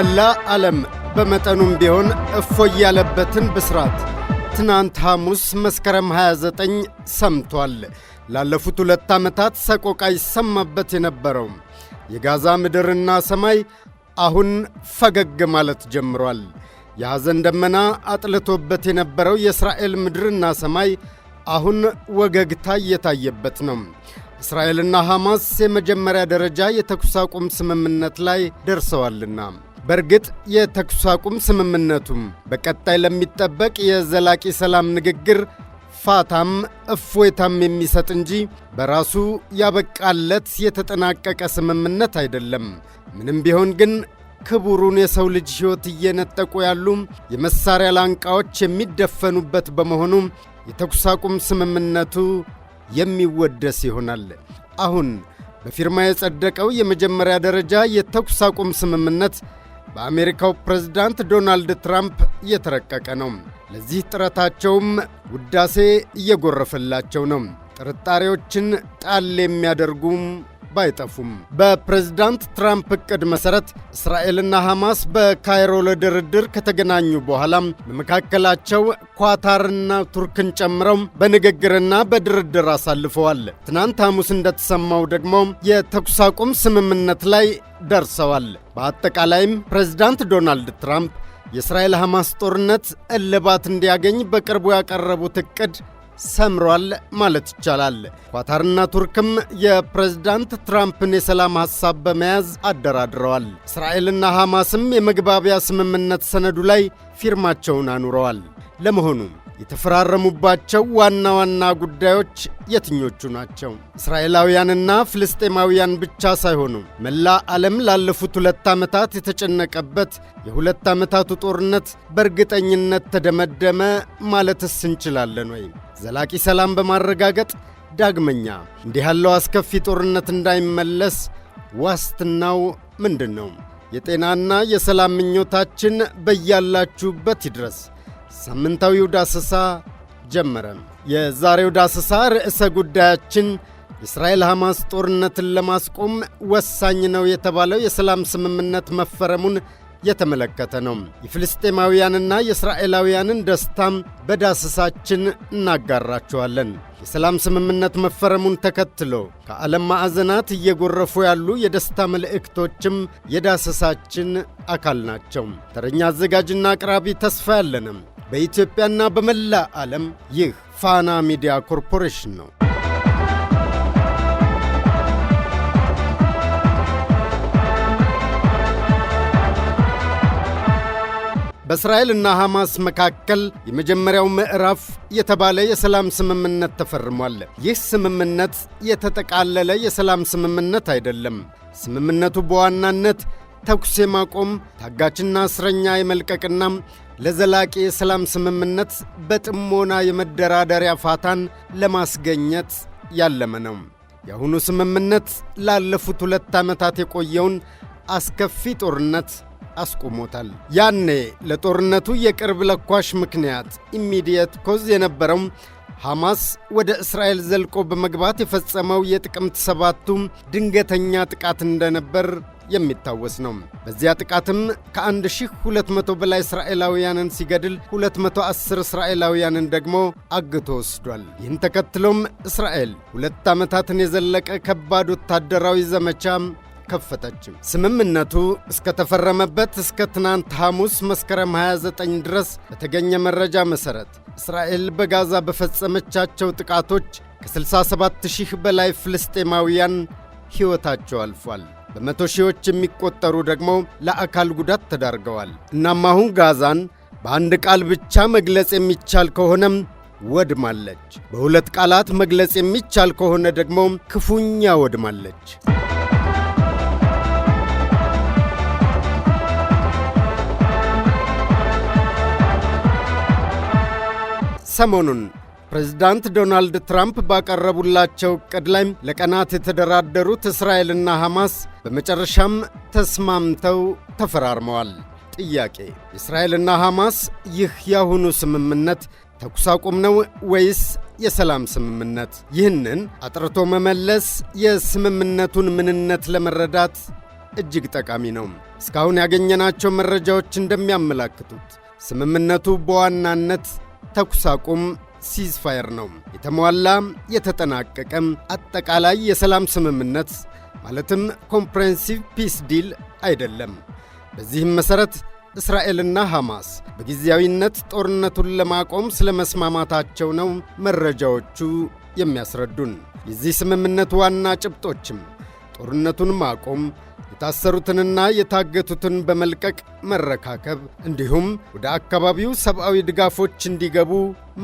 መላ ዓለም በመጠኑም ቢሆን እፎይ ያለበትን ብስራት ትናንት ሐሙስ መስከረም 29 ሰምቷል። ላለፉት ሁለት ዓመታት ሰቆቃ ይሰማበት የነበረው የጋዛ ምድርና ሰማይ አሁን ፈገግ ማለት ጀምሯል። የሐዘን ደመና አጥልቶበት የነበረው የእስራኤል ምድርና ሰማይ አሁን ወገግታ እየታየበት ነው። እስራኤልና ሐማስ የመጀመሪያ ደረጃ የተኩስ አቁም ስምምነት ላይ ደርሰዋልና በእርግጥ የተኩስ አቁም ስምምነቱም በቀጣይ ለሚጠበቅ የዘላቂ ሰላም ንግግር ፋታም እፎይታም የሚሰጥ እንጂ በራሱ ያበቃለት የተጠናቀቀ ስምምነት አይደለም። ምንም ቢሆን ግን ክቡሩን የሰው ልጅ ሕይወት እየነጠቁ ያሉ የመሳሪያ ላንቃዎች የሚደፈኑበት በመሆኑ የተኩስ አቁም ስምምነቱ የሚወደስ ይሆናል። አሁን በፊርማ የጸደቀው የመጀመሪያ ደረጃ የተኩስ አቁም ስምምነት በአሜሪካው ፕሬዝዳንት ዶናልድ ትራምፕ እየተረቀቀ ነው። ለዚህ ጥረታቸውም ውዳሴ እየጎረፈላቸው ነው። ጥርጣሬዎችን ጣል የሚያደርጉም ባይጠፉም በፕሬዝዳንት ትራምፕ እቅድ መሠረት እስራኤልና ሐማስ በካይሮ ለድርድር ከተገናኙ በኋላም በመካከላቸው ኳታርና ቱርክን ጨምረው በንግግርና በድርድር አሳልፈዋል። ትናንት ሐሙስ እንደተሰማው ደግሞ የተኩስ አቁም ስምምነት ላይ ደርሰዋል። በአጠቃላይም ፕሬዝዳንት ዶናልድ ትራምፕ የእስራኤል ሐማስ ጦርነት እልባት እንዲያገኝ በቅርቡ ያቀረቡት እቅድ ። ሰምሯል ማለት ይቻላል። ኳታርና ቱርክም የፕሬዝዳንት ትራምፕን የሰላም ሐሳብ በመያዝ አደራድረዋል። እስራኤልና ሐማስም የመግባቢያ ስምምነት ሰነዱ ላይ ፊርማቸውን አኑረዋል። ለመሆኑ የተፈራረሙባቸው ዋና ዋና ጉዳዮች የትኞቹ ናቸው? እስራኤላውያንና ፍልስጤማውያን ብቻ ሳይሆኑ መላ ዓለም ላለፉት ሁለት ዓመታት የተጨነቀበት የሁለት ዓመታቱ ጦርነት በእርግጠኝነት ተደመደመ ማለትስ እንችላለን ወይ? ዘላቂ ሰላም በማረጋገጥ ዳግመኛ እንዲህ ያለው አስከፊ ጦርነት እንዳይመለስ ዋስትናው ምንድን ነው? የጤናና የሰላም ምኞታችን በያላችሁበት ይድረስ። ሳምንታዊው ዳሰሳ ጀመረ። የዛሬው ዳሰሳ ርዕሰ ጉዳያችን የእስራኤል ሐማስ ጦርነትን ለማስቆም ወሳኝ ነው የተባለው የሰላም ስምምነት መፈረሙን የተመለከተ ነው። የፍልስጤማውያንና የእስራኤላውያንን ደስታም በዳሰሳችን እናጋራችኋለን። የሰላም ስምምነት መፈረሙን ተከትሎ ከዓለም ማዕዘናት እየጎረፉ ያሉ የደስታ መልእክቶችም የዳሰሳችን አካል ናቸው። ተረኛ አዘጋጅና አቅራቢ ተስፋ ያለንም በኢትዮጵያና በመላ ዓለም ይህ ፋና ሚዲያ ኮርፖሬሽን ነው። በእስራኤልና ሐማስ መካከል የመጀመሪያው ምዕራፍ የተባለ የሰላም ስምምነት ተፈርሟል። ይህ ስምምነት የተጠቃለለ የሰላም ስምምነት አይደለም። ስምምነቱ በዋናነት ተኩስ የማቆም ታጋችና እስረኛ የመልቀቅና ለዘላቂ የሰላም ስምምነት በጥሞና የመደራደሪያ ፋታን ለማስገኘት ያለመ ነው። የአሁኑ ስምምነት ላለፉት ሁለት ዓመታት የቆየውን አስከፊ ጦርነት አስቆሞታል። ያኔ ለጦርነቱ የቅርብ ለኳሽ ምክንያት ኢሚዲየት ኮዝ የነበረው ሐማስ ወደ እስራኤል ዘልቆ በመግባት የፈጸመው የጥቅምት ሰባቱ ድንገተኛ ጥቃት እንደነበር የሚታወስ ነው። በዚያ ጥቃትም ከ1200 በላይ እስራኤላውያንን ሲገድል 210 እስራኤላውያንን ደግሞ አግቶ ወስዷል። ይህን ተከትሎም እስራኤል ሁለት ዓመታትን የዘለቀ ከባድ ወታደራዊ ዘመቻ ከፈተች። ስምምነቱ እስከተፈረመበት እስከ ትናንት ሐሙስ መስከረም 29 ድረስ በተገኘ መረጃ መሠረት እስራኤል በጋዛ በፈጸመቻቸው ጥቃቶች ከ67 ሺህ በላይ ፍልስጤማውያን ሕይወታቸው አልፏል። በመቶ ሺዎች የሚቆጠሩ ደግሞ ለአካል ጉዳት ተዳርገዋል። እናም አሁን ጋዛን በአንድ ቃል ብቻ መግለጽ የሚቻል ከሆነም ወድማለች። በሁለት ቃላት መግለጽ የሚቻል ከሆነ ደግሞ ክፉኛ ወድማለች። ሰሞኑን ፕሬዝዳንት ዶናልድ ትራምፕ ባቀረቡላቸው ዕቅድ ላይም ለቀናት የተደራደሩት እስራኤልና ሐማስ በመጨረሻም ተስማምተው ተፈራርመዋል። ጥያቄ፣ እስራኤልና ሐማስ ይህ ያሁኑ ስምምነት ተኩስ አቁም ነው ወይስ የሰላም ስምምነት? ይህንን አጥርቶ መመለስ የስምምነቱን ምንነት ለመረዳት እጅግ ጠቃሚ ነው። እስካሁን ያገኘናቸው መረጃዎች እንደሚያመላክቱት ስምምነቱ በዋናነት ተኩስ አቁም ሲዝፋየር ነው። የተሟላ የተጠናቀቀም አጠቃላይ የሰላም ስምምነት ማለትም ኮምፕሬንሲቭ ፒስ ዲል አይደለም። በዚህም መሠረት እስራኤልና ሐማስ በጊዜያዊነት ጦርነቱን ለማቆም ስለ መስማማታቸው ነው መረጃዎቹ የሚያስረዱን። የዚህ ስምምነት ዋና ጭብጦችም ጦርነቱን ማቆም የታሰሩትንና የታገቱትን በመልቀቅ መረካከብ እንዲሁም ወደ አካባቢው ሰብአዊ ድጋፎች እንዲገቡ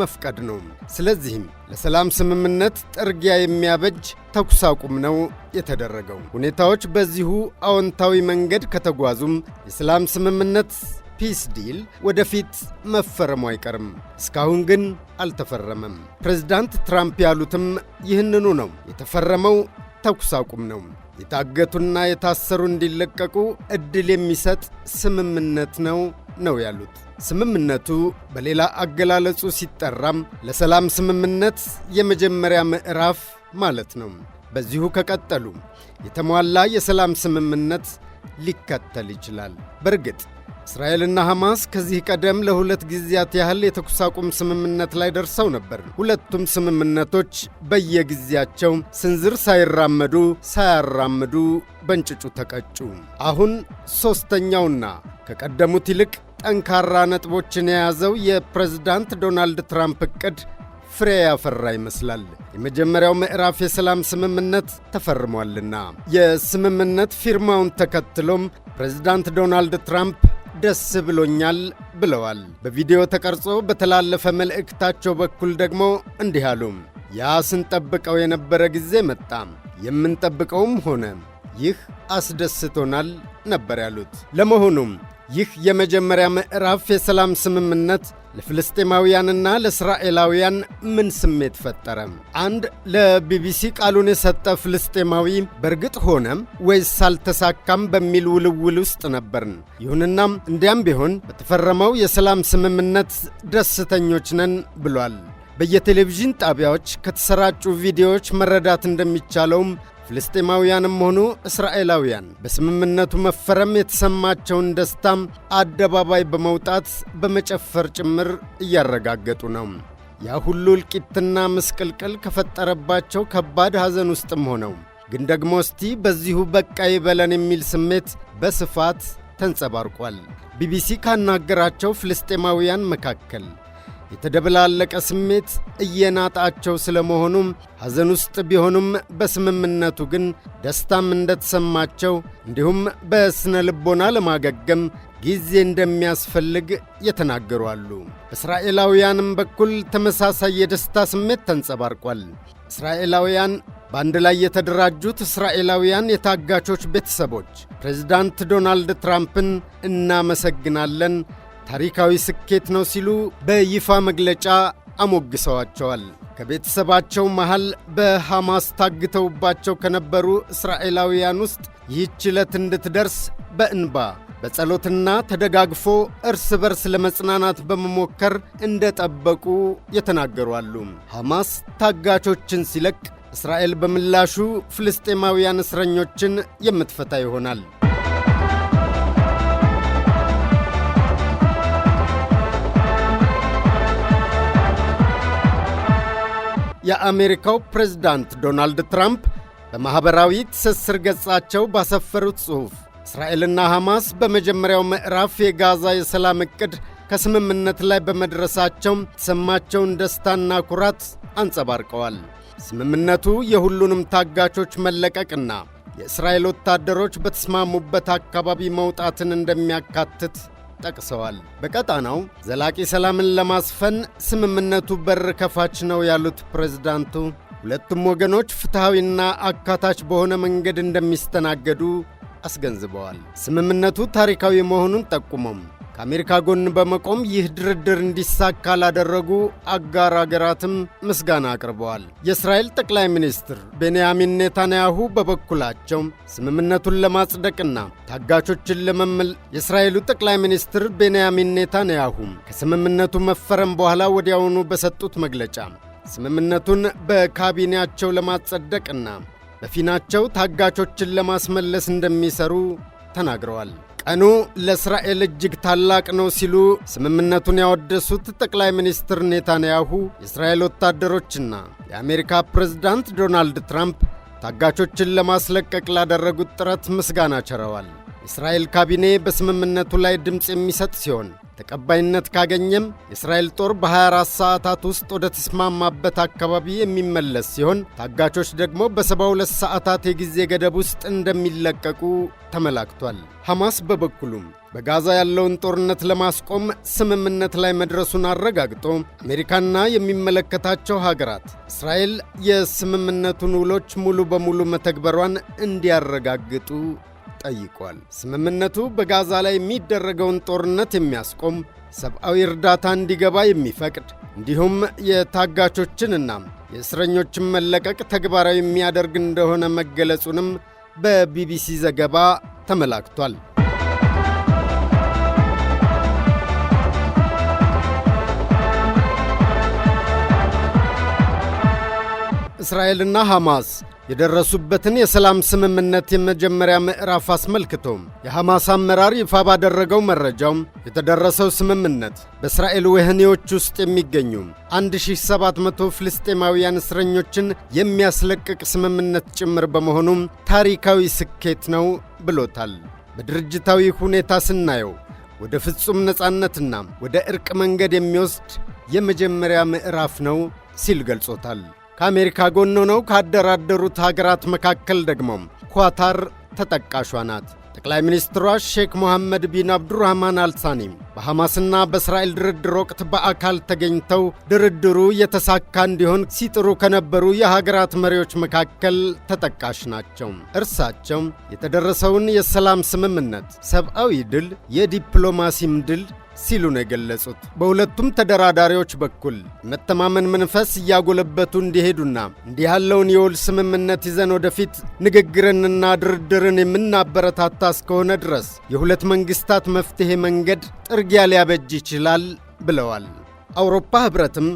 መፍቀድ ነው። ስለዚህም ለሰላም ስምምነት ጥርጊያ የሚያበጅ ተኩስ አቁም ነው የተደረገው። ሁኔታዎች በዚሁ አዎንታዊ መንገድ ከተጓዙም የሰላም ስምምነት ፒስ ዲል ወደፊት መፈረሙ አይቀርም። እስካሁን ግን አልተፈረመም። ፕሬዝዳንት ትራምፕ ያሉትም ይህንኑ ነው። የተፈረመው ተኩስ አቁም ነው። የታገቱና የታሰሩ እንዲለቀቁ ዕድል የሚሰጥ ስምምነት ነው ነው ያሉት። ስምምነቱ በሌላ አገላለጹ ሲጠራም ለሰላም ስምምነት የመጀመሪያ ምዕራፍ ማለት ነው። በዚሁ ከቀጠሉ የተሟላ የሰላም ስምምነት ሊከተል ይችላል። በእርግጥ እስራኤልና ሐማስ ከዚህ ቀደም ለሁለት ጊዜያት ያህል የተኩስ አቁም ስምምነት ላይ ደርሰው ነበር። ሁለቱም ስምምነቶች በየጊዜያቸው ስንዝር ሳይራመዱ ሳያራምዱ በእንጭጩ ተቀጩ። አሁን ሦስተኛውና ከቀደሙት ይልቅ ጠንካራ ነጥቦችን የያዘው የፕሬዝዳንት ዶናልድ ትራምፕ ዕቅድ ፍሬ ያፈራ ይመስላል። የመጀመሪያው ምዕራፍ የሰላም ስምምነት ተፈርሟልና የስምምነት ፊርማውን ተከትሎም ፕሬዝዳንት ዶናልድ ትራምፕ ደስ ብሎኛል ብለዋል። በቪዲዮ ተቀርጾ በተላለፈ መልእክታቸው በኩል ደግሞ እንዲህ አሉ። ያ ስንጠብቀው የነበረ ጊዜ መጣ፣ የምንጠብቀውም ሆነ። ይህ አስደስቶናል ነበር ያሉት። ለመሆኑም ይህ የመጀመሪያ ምዕራፍ የሰላም ስምምነት ለፍልስጤማውያንና ለእስራኤላውያን ምን ስሜት ፈጠረ? አንድ ለቢቢሲ ቃሉን የሰጠ ፍልስጤማዊ በእርግጥ ሆነም ወይስ አልተሳካም በሚል ውልውል ውስጥ ነበርን። ይሁንናም እንዲያም ቢሆን በተፈረመው የሰላም ስምምነት ደስተኞች ነን ብሏል። በየቴሌቪዥን ጣቢያዎች ከተሰራጩ ቪዲዮዎች መረዳት እንደሚቻለውም ፍልስጤማውያንም ሆኑ እስራኤላውያን በስምምነቱ መፈረም የተሰማቸውን ደስታም አደባባይ በመውጣት በመጨፈር ጭምር እያረጋገጡ ነው። ያ ሁሉ እልቂትና ምስቅልቅል ከፈጠረባቸው ከባድ ሐዘን ውስጥም ሆነው ግን ደግሞ እስቲ በዚሁ በቃ ይበለን የሚል ስሜት በስፋት ተንጸባርቋል። ቢቢሲ ካናገራቸው ፍልስጤማውያን መካከል የተደበላለቀ ስሜት እየናጣቸው ስለመሆኑም ሐዘን ውስጥ ቢሆኑም በስምምነቱ ግን ደስታም እንደተሰማቸው እንዲሁም በሥነ ልቦና ለማገገም ጊዜ እንደሚያስፈልግ የተናገሩ አሉ። በእስራኤላውያንም በኩል ተመሳሳይ የደስታ ስሜት ተንጸባርቋል። እስራኤላውያን በአንድ ላይ የተደራጁት እስራኤላውያን የታጋቾች ቤተሰቦች ፕሬዝዳንት ዶናልድ ትራምፕን እናመሰግናለን ታሪካዊ ስኬት ነው ሲሉ በይፋ መግለጫ አሞግሰዋቸዋል። ከቤተሰባቸው መሃል በሐማስ ታግተውባቸው ከነበሩ እስራኤላውያን ውስጥ ይህች ዕለት እንድትደርስ በእንባ በጸሎትና ተደጋግፎ እርስ በርስ ለመጽናናት በመሞከር እንደጠበቁ የተናገሩ አሉ። ሐማስ ታጋቾችን ሲለቅ እስራኤል በምላሹ ፍልስጤማውያን እስረኞችን የምትፈታ ይሆናል። የአሜሪካው ፕሬዝዳንት ዶናልድ ትራምፕ በማኅበራዊ ትስስር ገጻቸው ባሰፈሩት ጽሑፍ እስራኤልና ሐማስ በመጀመሪያው ምዕራፍ የጋዛ የሰላም ዕቅድ ከስምምነት ላይ በመድረሳቸው የተሰማቸውን ደስታና ኩራት አንጸባርቀዋል። ስምምነቱ የሁሉንም ታጋቾች መለቀቅና የእስራኤል ወታደሮች በተስማሙበት አካባቢ መውጣትን እንደሚያካትት ጠቅሰዋል። በቀጣናው ዘላቂ ሰላምን ለማስፈን ስምምነቱ በር ከፋች ነው ያሉት ፕሬዝዳንቱ ሁለቱም ወገኖች ፍትሐዊና አካታች በሆነ መንገድ እንደሚስተናገዱ አስገንዝበዋል። ስምምነቱ ታሪካዊ መሆኑን ጠቁሞም ከአሜሪካ ጎን በመቆም ይህ ድርድር እንዲሳካ ላደረጉ አጋር አገራትም ምስጋና አቅርበዋል። የእስራኤል ጠቅላይ ሚኒስትር ቤንያሚን ኔታንያሁ በበኩላቸው ስምምነቱን ለማጽደቅና ታጋቾችን ለመመል የእስራኤሉ ጠቅላይ ሚኒስትር ቤንያሚን ኔታንያሁም ከስምምነቱ መፈረም በኋላ ወዲያውኑ በሰጡት መግለጫ ስምምነቱን በካቢኔያቸው ለማጸደቅና በፊናቸው ታጋቾችን ለማስመለስ እንደሚሰሩ ተናግረዋል። ቀኑ ለእስራኤል እጅግ ታላቅ ነው ሲሉ ስምምነቱን ያወደሱት ጠቅላይ ሚኒስትር ኔታንያሁ፣ የእስራኤል ወታደሮችና የአሜሪካ ፕሬዝዳንት ዶናልድ ትራምፕ ታጋቾችን ለማስለቀቅ ላደረጉት ጥረት ምስጋና ቸረዋል። የእስራኤል ካቢኔ በስምምነቱ ላይ ድምፅ የሚሰጥ ሲሆን ተቀባይነት ካገኘም የእስራኤል ጦር በ24 ሰዓታት ውስጥ ወደ ተስማማበት አካባቢ የሚመለስ ሲሆን ታጋቾች ደግሞ በ72 ሰዓታት የጊዜ ገደብ ውስጥ እንደሚለቀቁ ተመላክቷል። ሐማስ በበኩሉም በጋዛ ያለውን ጦርነት ለማስቆም ስምምነት ላይ መድረሱን አረጋግጦ አሜሪካና የሚመለከታቸው ሀገራት እስራኤል የስምምነቱን ውሎች ሙሉ በሙሉ መተግበሯን እንዲያረጋግጡ ጠይቋል። ስምምነቱ በጋዛ ላይ የሚደረገውን ጦርነት የሚያስቆም ሰብአዊ እርዳታ እንዲገባ የሚፈቅድ እንዲሁም የታጋቾችንና የእስረኞችን መለቀቅ ተግባራዊ የሚያደርግ እንደሆነ መገለጹንም በቢቢሲ ዘገባ ተመላክቷል። እስራኤልና ሐማስ የደረሱበትን የሰላም ስምምነት የመጀመሪያ ምዕራፍ አስመልክቶ የሐማስ አመራር ይፋ ባደረገው መረጃው የተደረሰው ስምምነት በእስራኤል ወህኒዎች ውስጥ የሚገኙ 1700 ፍልስጤማውያን እስረኞችን የሚያስለቅቅ ስምምነት ጭምር በመሆኑም ታሪካዊ ስኬት ነው ብሎታል። በድርጅታዊ ሁኔታ ስናየው ወደ ፍጹም ነፃነትና ወደ ዕርቅ መንገድ የሚወስድ የመጀመሪያ ምዕራፍ ነው ሲል ገልጾታል። ከአሜሪካ ጎን ሆነው ካደራደሩት ሀገራት መካከል ደግሞ ኳታር ተጠቃሿ ናት። ጠቅላይ ሚኒስትሯ ሼክ ሞሐመድ ቢን አብዱራህማን አልሳኒም በሐማስና በእስራኤል ድርድር ወቅት በአካል ተገኝተው ድርድሩ የተሳካ እንዲሆን ሲጥሩ ከነበሩ የሀገራት መሪዎች መካከል ተጠቃሽ ናቸው። እርሳቸው የተደረሰውን የሰላም ስምምነት ሰብአዊ ድል፣ የዲፕሎማሲም ድል ሲሉ ነው የገለጹት። በሁለቱም ተደራዳሪዎች በኩል መተማመን መንፈስ እያጎለበቱ እንዲሄዱና እንዲህ ያለውን የውል ስምምነት ይዘን ወደፊት ንግግርንና ድርድርን የምናበረታታ እስከሆነ ድረስ የሁለት መንግሥታት መፍትሔ መንገድ ጥርጊያ ሊያበጅ ይችላል ብለዋል። አውሮፓ ኅብረትም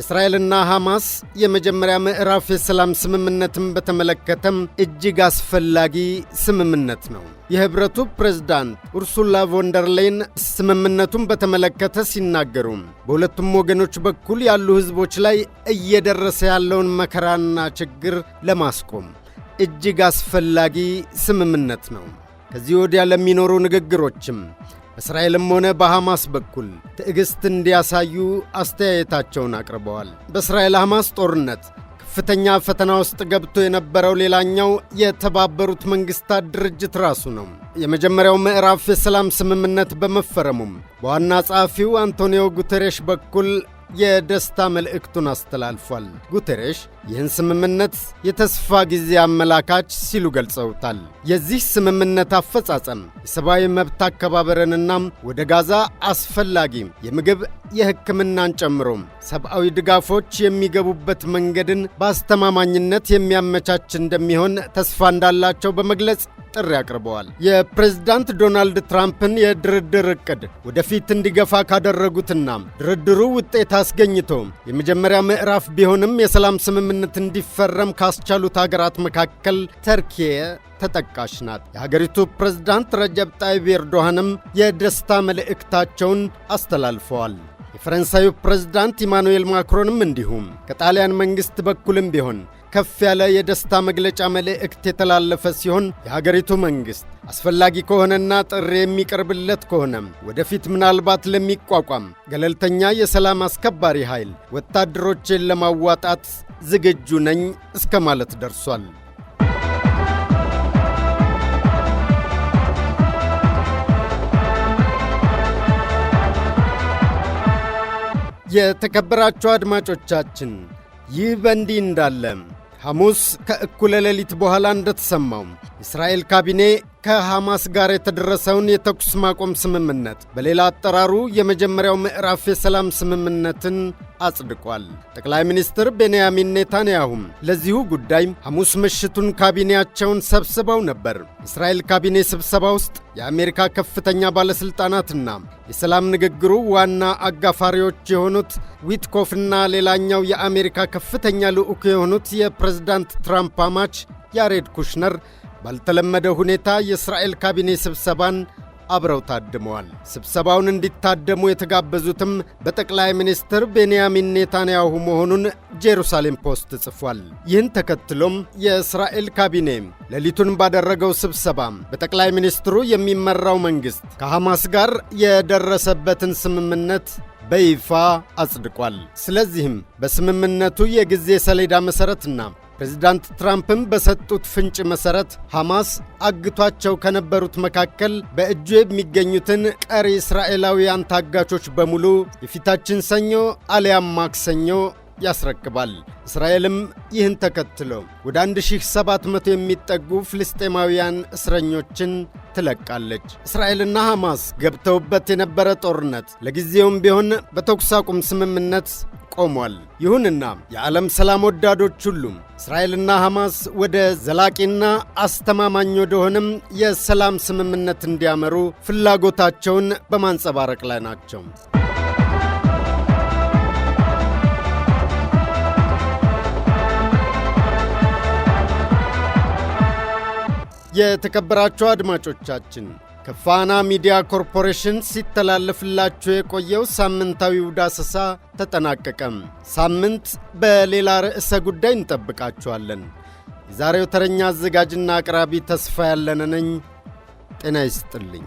እስራኤልና ሐማስ የመጀመሪያ ምዕራፍ የሰላም ስምምነትን በተመለከተም እጅግ አስፈላጊ ስምምነት ነው። የኅብረቱ ፕሬዝዳንት ኡርሱላ ቮንደርላይን ስምምነቱን በተመለከተ ሲናገሩ በሁለቱም ወገኖች በኩል ያሉ ሕዝቦች ላይ እየደረሰ ያለውን መከራና ችግር ለማስቆም እጅግ አስፈላጊ ስምምነት ነው። ከዚህ ወዲያ ለሚኖሩ ንግግሮችም በእስራኤልም ሆነ በሐማስ በኩል ትዕግሥት እንዲያሳዩ አስተያየታቸውን አቅርበዋል። በእስራኤል ሐማስ ጦርነት ከፍተኛ ፈተና ውስጥ ገብቶ የነበረው ሌላኛው የተባበሩት መንግሥታት ድርጅት ራሱ ነው። የመጀመሪያው ምዕራፍ የሰላም ስምምነት በመፈረሙም በዋና ጸሐፊው አንቶኒዮ ጉተሬሽ በኩል የደስታ መልእክቱን አስተላልፏል። ጉተሬሽ ይህን ስምምነት የተስፋ ጊዜ አመላካች ሲሉ ገልጸውታል። የዚህ ስምምነት አፈጻጸም የሰብአዊ መብት አከባበርንና ወደ ጋዛ አስፈላጊ የምግብ የሕክምናን ጨምሮ ሰብአዊ ድጋፎች የሚገቡበት መንገድን በአስተማማኝነት የሚያመቻች እንደሚሆን ተስፋ እንዳላቸው በመግለጽ ጥሪ አቅርበዋል። የፕሬዝዳንት ዶናልድ ትራምፕን የድርድር እቅድ ወደፊት እንዲገፋ ካደረጉትና ድርድሩ ውጤት አስገኝቶ የመጀመሪያ ምዕራፍ ቢሆንም የሰላም ስምምነት እንዲፈረም ካስቻሉት ሀገራት መካከል ተርኪዬ ተጠቃሽ ናት። የሀገሪቱ ፕሬዝዳንት ረጀብ ጣይብ ኤርዶሃንም የደስታ መልእክታቸውን አስተላልፈዋል። የፈረንሳዩ ፕሬዝዳንት ኢማኑኤል ማክሮንም እንዲሁም ከጣሊያን መንግሥት በኩልም ቢሆን ከፍ ያለ የደስታ መግለጫ መልእክት የተላለፈ ሲሆን የሀገሪቱ መንግሥት አስፈላጊ ከሆነና ጥሪ የሚቀርብለት ከሆነም ወደፊት ምናልባት ለሚቋቋም ገለልተኛ የሰላም አስከባሪ ኃይል ወታደሮችን ለማዋጣት ዝግጁ ነኝ እስከ ማለት ደርሷል። የተከበራችሁ አድማጮቻችን ይህ በእንዲህ እንዳለ ሐሙስ ከእኩለ ሌሊት በኋላ እንደተሰማው እስራኤል ካቢኔ ከሐማስ ጋር የተደረሰውን የተኩስ ማቆም ስምምነት በሌላ አጠራሩ የመጀመሪያው ምዕራፍ የሰላም ስምምነትን አጽድቋል። ጠቅላይ ሚኒስትር ቤንያሚን ኔታንያሁም ለዚሁ ጉዳይ ሐሙስ ምሽቱን ካቢኔያቸውን ሰብስበው ነበር። እስራኤል ካቢኔ ስብሰባ ውስጥ የአሜሪካ ከፍተኛ ባለሥልጣናትና የሰላም ንግግሩ ዋና አጋፋሪዎች የሆኑት ዊትኮፍና ሌላኛው የአሜሪካ ከፍተኛ ልዑክ የሆኑት የፕሬዝዳንት ትራምፕ አማች ያሬድ ኩሽነር ባልተለመደ ሁኔታ የእስራኤል ካቢኔ ስብሰባን አብረው ታድመዋል። ስብሰባውን እንዲታደሙ የተጋበዙትም በጠቅላይ ሚኒስትር ቤንያሚን ኔታንያሁ መሆኑን ጄሩሳሌም ፖስት ጽፏል። ይህን ተከትሎም የእስራኤል ካቢኔ ሌሊቱን ባደረገው ስብሰባ በጠቅላይ ሚኒስትሩ የሚመራው መንግሥት ከሐማስ ጋር የደረሰበትን ስምምነት በይፋ አጽድቋል። ስለዚህም በስምምነቱ የጊዜ ሰሌዳ መሠረትና ፕሬዚዳንት ትራምፕም በሰጡት ፍንጭ መሠረት ሐማስ አግቷቸው ከነበሩት መካከል በእጁ የሚገኙትን ቀሪ እስራኤላውያን ታጋቾች በሙሉ የፊታችን ሰኞ አሊያም ማክሰኞ ያስረክባል። እስራኤልም ይህን ተከትሎ ወደ 1700 የሚጠጉ ፍልስጤማውያን እስረኞችን ትለቃለች። እስራኤልና ሐማስ ገብተውበት የነበረ ጦርነት ለጊዜውም ቢሆን በተኩስ አቁም ስምምነት ቆሟል። ይሁንና የዓለም ሰላም ወዳዶች ሁሉም እስራኤልና ሐማስ ወደ ዘላቂና አስተማማኝ ወደሆነም የሰላም ስምምነት እንዲያመሩ ፍላጎታቸውን በማንጸባረቅ ላይ ናቸው። የተከበራቸው አድማጮቻችን ከፋና ሚዲያ ኮርፖሬሽን ሲተላለፍላችሁ የቆየው ሳምንታዊው ዳሰሳ ተጠናቀቀም። ሳምንት በሌላ ርዕሰ ጉዳይ እንጠብቃችኋለን። የዛሬው ተረኛ አዘጋጅና አቅራቢ ተስፋ ያለነ ነኝ። ጤና ይስጥልኝ።